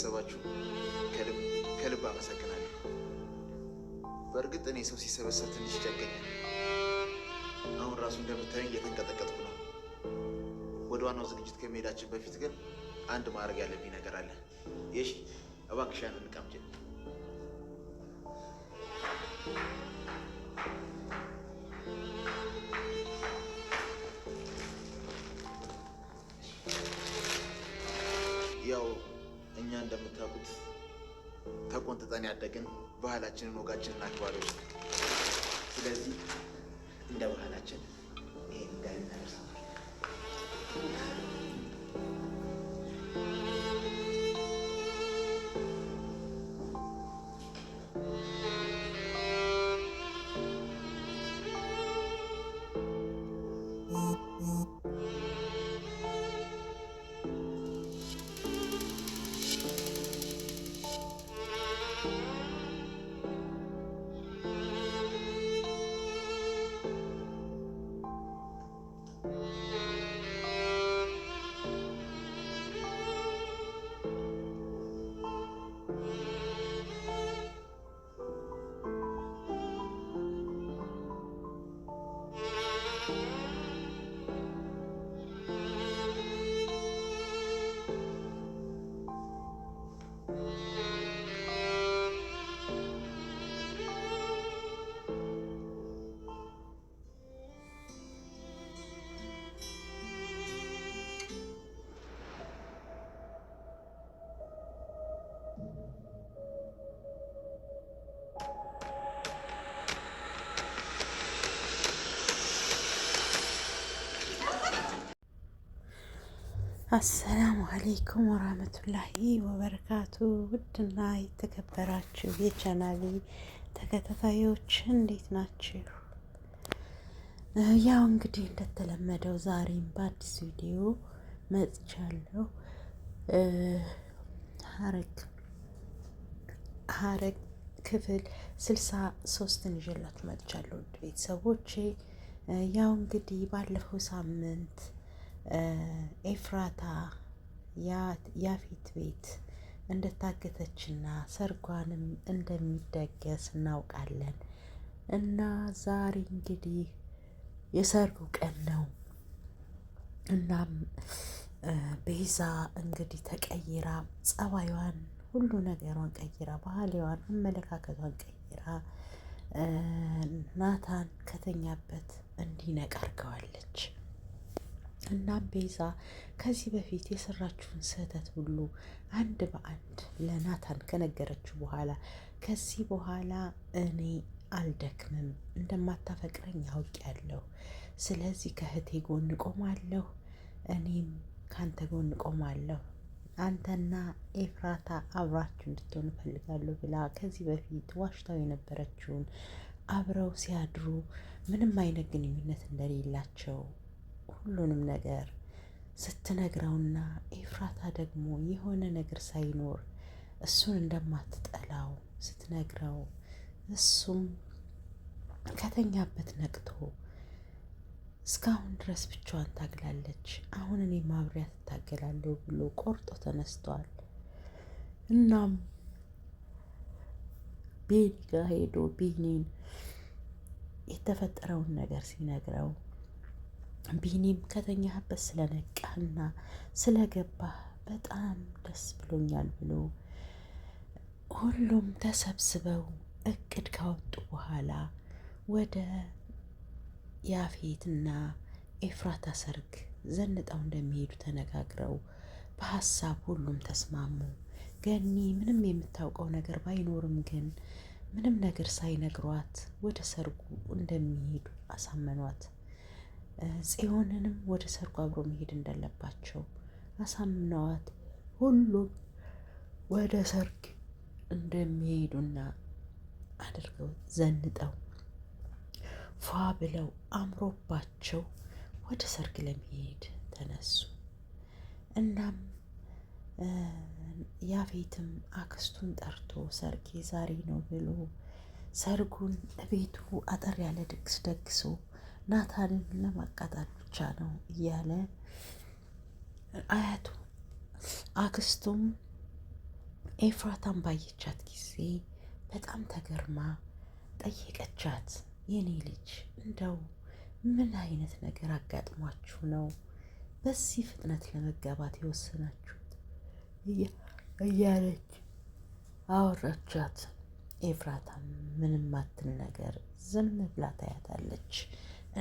ስለተሰበሰባችሁ ከልብ አመሰግናለሁ። በእርግጥ እኔ ሰው ሲሰበሰብ ትንሽ ይጨንቀኛል። አሁን ራሱ እንደምታዩኝ እየተንቀጠቀጥኩ ነው። ወደ ዋናው ዝግጅት ከመሄዳችን በፊት ግን አንድ ማድረግ ያለብኝ ነገር አለ። የሺ እባክሽ ያንን እንደምታውቁት ተቆንጥጠን ያደግን ባህላችንን፣ ወጋችንን አክባሪዎች። ስለዚህ እንደ ባህላችን አሰላሙ አሌይኩም ወራህመቱላሂ ወበረካቱ። ውድና የተከበራችሁ የቻናሌ ተከታታዮች እንዴት ናችሁ? ያው እንግዲህ እንደተለመደው ዛሬም በአዲስ ቪዲዮ መጥቻለሁ። ሀረግ ሀረግ ክፍል ስልሳ ሶስትን ይዤላችሁ መጥቻለሁ። ውድ ቤተሰቦቼ ያው እንግዲህ ባለፈው ሳምንት ኤፍራታ ያፌት ቤት እንደታገተችና ሰርጓንም እንደሚደገስ እናውቃለን። እና ዛሬ እንግዲህ የሰርጉ ቀን ነው። እናም ቤዛ እንግዲህ ተቀይራ ጸባይዋን፣ ሁሉ ነገሯን ቀይራ፣ ባህሌዋን፣ አመለካከቷን ቀይራ ናታን ከተኛበት እንዲነቃ አድርገዋለች። እና ቤዛ ከዚህ በፊት የሰራችውን ስህተት ሁሉ አንድ በአንድ ለናታን ከነገረችው በኋላ ከዚህ በኋላ እኔ አልደክምም፣ እንደማታፈቅረኝ አውቄያለሁ። ስለዚህ ከእህቴ ጎን ቆማለሁ፣ እኔም ካንተ ጎን ቆማለሁ። አንተና ኤፍራታ አብራችሁ እንድትሆኑ እፈልጋለሁ ብላ ከዚህ በፊት ዋሽታው የነበረችውን አብረው ሲያድሩ ምንም አይነት ግንኙነት እንደሌላቸው ሁሉንም ነገር ስትነግረውና ኤፍራታ ደግሞ የሆነ ነገር ሳይኖር እሱን እንደማትጠላው ስትነግረው እሱም ከተኛበት ነቅቶ እስካሁን ድረስ ብቻዋን ታግላለች፣ አሁን እኔ ማብሪያ ትታገላለሁ ብሎ ቆርጦ ተነስቷል። እናም ቤኒ ጋ ሄዶ ቤኒን የተፈጠረውን ነገር ሲነግረው ቢኒም ከተኛህበት ስለነቃህና ስለገባህ በጣም ደስ ብሎኛል ብሎ ሁሉም ተሰብስበው እቅድ ካወጡ በኋላ ወደ ያፌትና ኤፍራታ ሰርግ ዘንጠው እንደሚሄዱ ተነጋግረው በሀሳብ ሁሉም ተስማሙ። ገኒ ምንም የምታውቀው ነገር ባይኖርም ግን ምንም ነገር ሳይነግሯት ወደ ሰርጉ እንደሚሄዱ አሳመኗት። ጽዮንንም ወደ ሰርጉ አብሮ መሄድ እንዳለባቸው አሳምነዋት ሁሉም ወደ ሰርግ እንደሚሄዱና አድርገው ዘንጠው ፏ ብለው አምሮባቸው ወደ ሰርግ ለመሄድ ተነሱ። እናም ያፌትም አክስቱን ጠርቶ ሰርጌ ዛሬ ነው ብሎ ሰርጉን እቤቱ አጠር ያለ ድግስ ደግሶ ናታንን ለማቃጠል ብቻ ነው እያለ አያቱ አክስቱም ኤፍራታን ባየቻት ጊዜ በጣም ተገርማ ጠየቀቻት። የኔ ልጅ እንደው ምን አይነት ነገር አጋጥሟችሁ ነው በዚህ ፍጥነት ለመጋባት የወሰናችሁት? እያለች አወራቻት። ኤፍራታ ምንም አትል ነገር ዝም ብላ ታያታለች።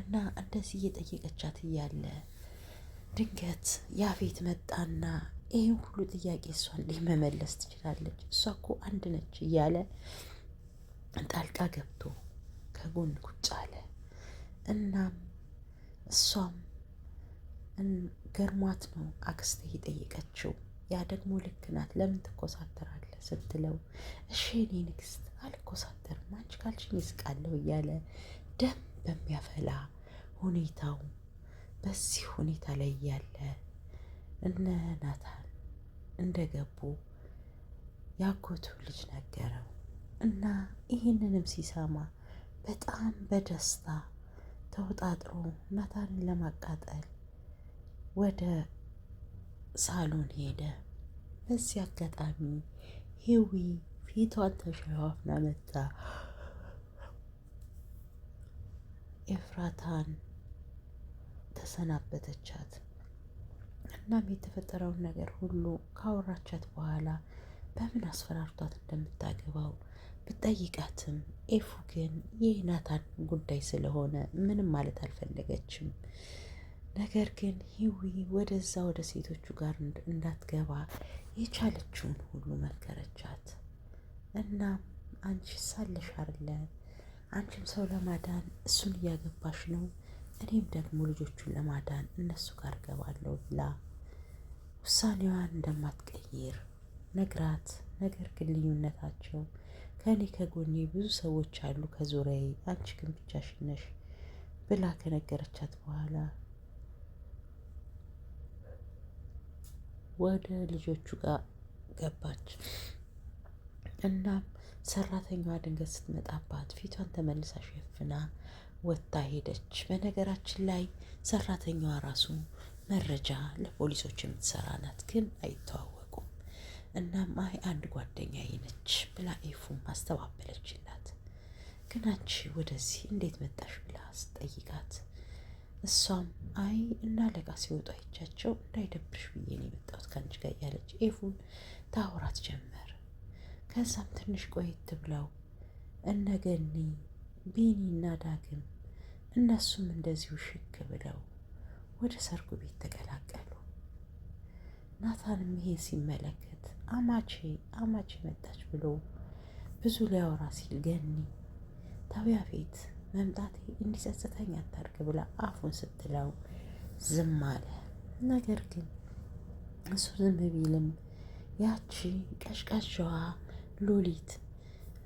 እና እንደዚህ እየጠየቀቻት እያለ ድንገት ያፌት መጣና ይህን ሁሉ ጥያቄ እሷ እንዲህ መመለስ ትችላለች፣ እሷ እኮ አንድ ነች እያለ ጣልቃ ገብቶ ከጎን ቁጭ አለ። እናም እሷም ገርሟት ነው አክስቴ የጠየቀችው። ያ ደግሞ ልክ ናት፣ ለምን ትኮሳተራለ ስትለው፣ እሺ እኔ ንግስት አልኮሳተርም፣ አንቺ ካልሽኝ ይስቃለሁ እያለ ደም በሚያፈላ ሁኔታው በዚህ ሁኔታ ላይ ያለ እነ ናታን እንደገቡ ያጎቱ ልጅ ነገረው እና ይህንንም ሲሰማ በጣም በደስታ ተወጣጥሮ ናታንን ለማቃጠል ወደ ሳሎን ሄደ። በዚህ አጋጣሚ ሂዊ ፊቷን ተሸፋፍና መታ ኤፍራታን ተሰናበተቻት። እናም የተፈጠረውን ነገር ሁሉ ካወራቻት በኋላ በምን አስፈራርቷት እንደምታገባው ብጠይቃትም ኤፉ ግን የናታን ጉዳይ ስለሆነ ምንም ማለት አልፈለገችም። ነገር ግን ሂዊ ወደዛ ወደ ሴቶቹ ጋር እንዳትገባ የቻለችውን ሁሉ መከረቻት። እናም አንቺ ሳለሽ አይደለ አንቺም ሰው ለማዳን እሱን እያገባሽ ነው፣ እኔም ደግሞ ልጆቹን ለማዳን እነሱ ጋር ገባለሁ ብላ ውሳኔዋን እንደማትቀይር ነግራት፣ ነገር ግን ልዩነታቸው ከእኔ ከጎኔ ብዙ ሰዎች አሉ ከዙሪያዬ፣ አንቺ ግን ብቻሽን ነሽ ብላ ከነገረቻት በኋላ ወደ ልጆቹ ጋር ገባች። እናም ሰራተኛዋ ድንገት ስትመጣባት ፊቷን ተመልሳ ሸፍና ወጥታ ሄደች። በነገራችን ላይ ሰራተኛዋ ራሱ መረጃ ለፖሊሶች የምትሰራ ናት፣ ግን አይተዋወቁም። እናም አይ አንድ ጓደኛዬ ነች ብላ ኤፉም አስተባበለችላት። ግን አንቺ ወደዚህ እንዴት መጣሽ ብላ ስትጠይቃት እሷም አይ እና ለቃ ሲወጡ አይቻቸው እንዳይደብርሽ ብዬ ነው የመጣሁት ከአንቺ ጋር ያለች ኤፉን ታውራት ጀመር ከዛም ትንሽ ቆየት ብለው እነ ገኒ ቢኒና ዳግም እነሱም እንደዚሁ ሽክ ብለው ወደ ሰርጉ ቤት ተቀላቀሉ። ናታንም ይሄ ሲመለከት አማቼ አማቼ መጣች ብሎ ብዙ ሊያወራ ሲል ገኒ ታቢያ ቤት መምጣቴ እንዲጸጽተኝ አታርግ ብላ አፉን ስትለው ዝም አለ። ነገር ግን እሱ ዝም ቢልም ያቺ ቀሽቃሻዋ ሉሊት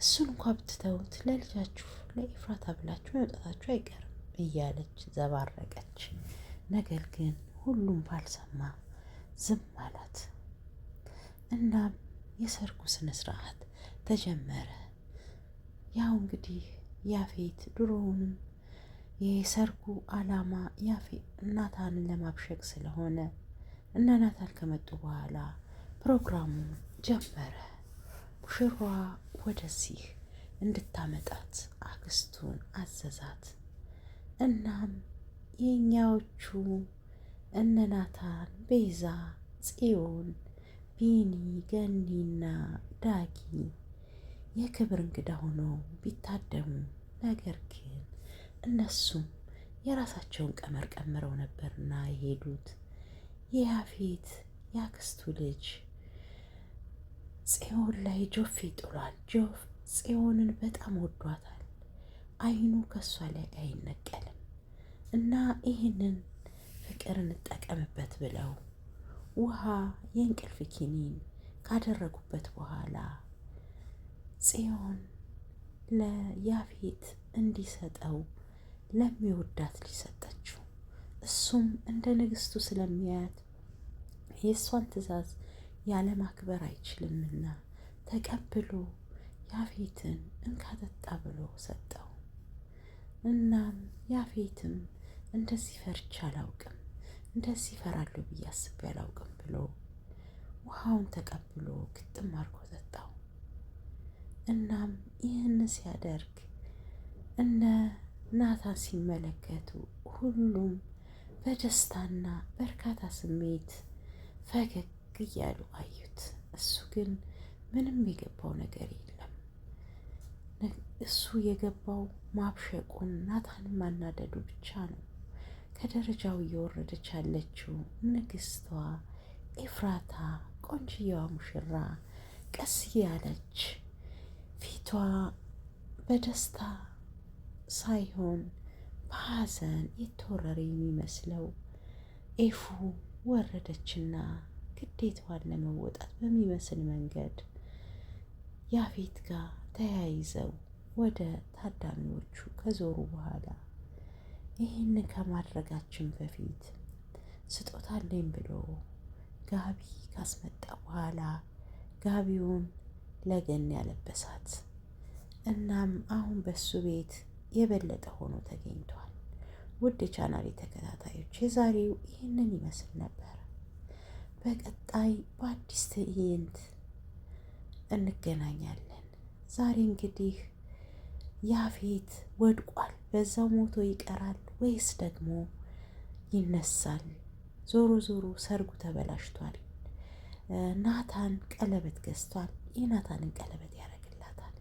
እሱን እንኳ ብትተውት ለልጃችሁ ለኢፍራታ ብላችሁ መውጣታችሁ አይቀርም እያለች ዘባረቀች። ነገር ግን ሁሉም ባልሰማ ዝም አላት። እናም የሰርጉ ስነ ስርዓት ተጀመረ። ያው እንግዲህ ያፌት ድሮውንም የሰርጉ አላማ ያፌ ናታንን ለማብሸቅ ስለሆነ እነ ናታን ከመጡ በኋላ ፕሮግራሙ ጀመረ። ሽሯ ወደዚህ እንድታመጣት አክስቱን አዘዛት። እናም የእኛዎቹ እነናታን ቤዛ፣ ጽዮን፣ ቢኒ፣ ገኒና ዳጊ የክብር እንግዳ ሆነው ቢታደሙ ነገር ግን እነሱም የራሳቸውን ቀመር ቀምረው ነበርና የሄዱት የያፌት የአክስቱ ልጅ ጽዮን ላይ ጆፍ ጥሏል። ጆፍ ጽዮንን በጣም ወዷታል። አይኑ ከእሷ ላይ አይነቀልም እና ይህንን ፍቅር እንጠቀምበት ብለው ውሃ የእንቅልፍ ኪኒን ካደረጉበት በኋላ ጽዮን ለያፌት እንዲሰጠው ለሚወዳት ሊሰጠችው እሱም እንደ ንግስቱ ስለሚያያት የእሷን ትዕዛዝ ያለ ማክበር አይችልምና ተቀብሎ ያፌትን እንካጠጣ ብሎ ሰጠው። እናም ያፌትም እንደዚህ ፈርቼ አላውቅም፣ እንደዚህ እፈራለሁ ብዬ አስቤ አላውቅም ብሎ ውሃውን ተቀብሎ ግጥም አድርጎ ጠጣው። እናም ይህን ሲያደርግ እነ ናታን ሲመለከቱ ሁሉም በደስታና በእርካታ ስሜት ፈገግ እያሉ አዩት። እሱ ግን ምንም የገባው ነገር የለም። እሱ የገባው ማብሸቁን ናታን ማናደዱ ብቻ ነው። ከደረጃው እየወረደች ያለችው ንግስቷ ኤፍራታ ቆንጅየዋ ሙሽራ ቀስ እያለች ፊቷ በደስታ ሳይሆን በሐዘን የተወረረ የሚመስለው ኤፉ ወረደችና ግዴታዋን ለመወጣት በሚመስል መንገድ ያፌት ጋር ተያይዘው ወደ ታዳሚዎቹ ከዞሩ በኋላ ይህን ከማድረጋችን በፊት ስጦታ አለኝ ብሎ ጋቢ ካስመጣ በኋላ ጋቢውን ለገን ያለበሳት። እናም አሁን በሱ ቤት የበለጠ ሆኖ ተገኝቷል። ውድ የቻናሌ ተከታታዮች የዛሬው ይህንን ይመስል ነበር። በቀጣይ በአዲስ ትዕይንት እንገናኛለን። ዛሬ እንግዲህ ያፌት ወድቋል። በዛው ሞቶ ይቀራል ወይስ ደግሞ ይነሳል? ዞሮ ዞሮ ሰርጉ ተበላሽቷል። ናታን ቀለበት ገዝቷል። የናታንን ቀለበት ያደርግላታል።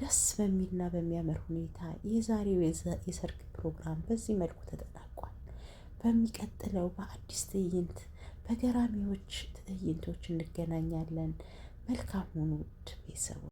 ደስ በሚልና በሚያምር ሁኔታ የዛሬው የሰርግ ፕሮግራም በዚህ መልኩ ተጠናቋል። በሚቀጥለው በአዲስ ትዕይንት በገራሚዎች ትዕይንቶች እንገናኛለን። መልካም ሁኑ ቤተሰቦች።